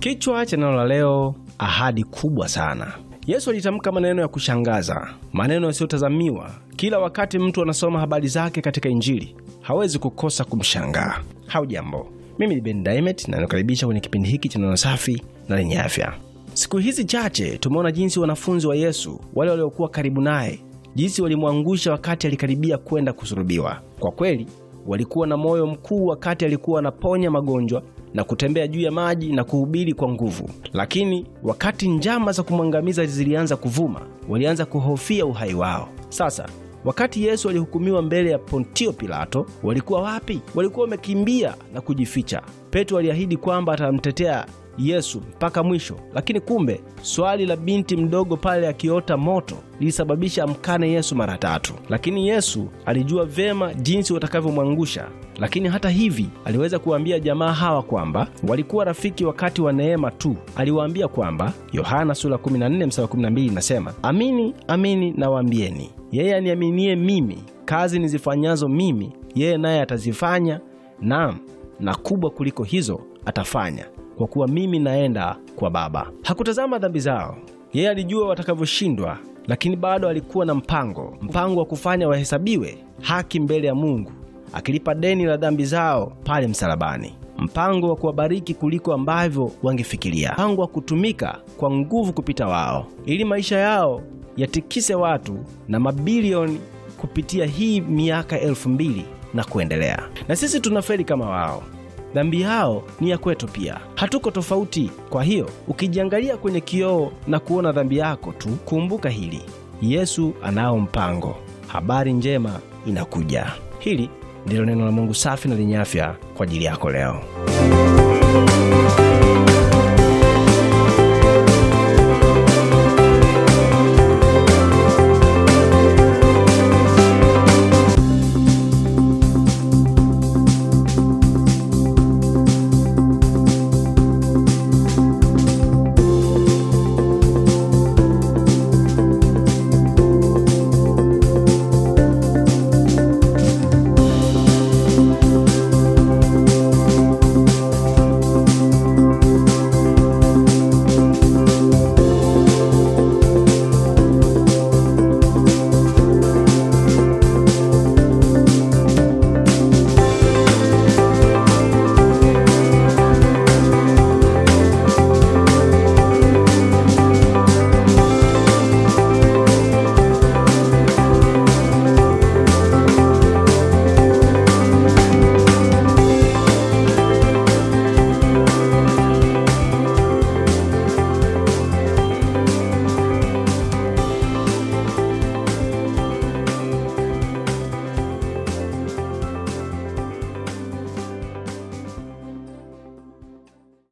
Kichwa cha neno la leo, ahadi kubwa sana. Yesu alitamka maneno ya kushangaza, maneno yasiyotazamiwa. Kila wakati mtu anasoma habari zake katika Injili hawezi kukosa kumshangaa. jambo mimi ni Ben Diamond na nakaribisha kwenye kipindi hiki cha neno safi na lenye afya. Siku hizi chache tumeona jinsi wanafunzi wa Yesu, wale waliokuwa karibu naye, jinsi walimwangusha wakati alikaribia kwenda kusulubiwa. Kwa kweli walikuwa na moyo mkuu wakati alikuwa anaponya magonjwa na kutembea juu ya maji na kuhubiri kwa nguvu. Lakini wakati njama za kumwangamiza zilianza kuvuma, walianza kuhofia uhai wao. Sasa wakati Yesu alihukumiwa mbele ya Pontio Pilato, walikuwa wapi? Walikuwa wamekimbia na kujificha. Petro aliahidi kwamba atamtetea Yesu mpaka mwisho, lakini kumbe swali la binti mdogo pale akiota moto lilisababisha amkane Yesu mara tatu. Lakini Yesu alijua vema jinsi watakavyomwangusha. Lakini hata hivi aliweza kuwaambia jamaa hawa kwamba walikuwa rafiki wakati wa neema tu. Aliwaambia kwamba Yohana sura 14 mstari 12 inasema, amini amini nawaambieni, yeye aniaminie mimi, kazi nizifanyazo mimi yeye naye atazifanya, naam, na kubwa kuliko hizo atafanya kwa kuwa mimi naenda kwa Baba. Hakutazama dhambi zao, yeye alijua watakavyoshindwa, lakini bado alikuwa na mpango, mpango wa kufanya wahesabiwe haki mbele ya Mungu, akilipa deni la dhambi zao pale msalabani, mpango wa kuwabariki kuliko ambavyo wangefikiria, mpango wa kutumika kwa nguvu kupita wao, ili maisha yao yatikise watu na mabilioni kupitia hii miaka elfu mbili na kuendelea. Na sisi tunafeli kama wao. Dhambi yao ni ya kwetu pia, hatuko tofauti. Kwa hiyo ukijiangalia kwenye kioo na kuona dhambi yako tu, kumbuka hili, Yesu anao mpango. Habari njema inakuja. Hili ndilo neno la Mungu safi na lenye afya kwa ajili yako leo.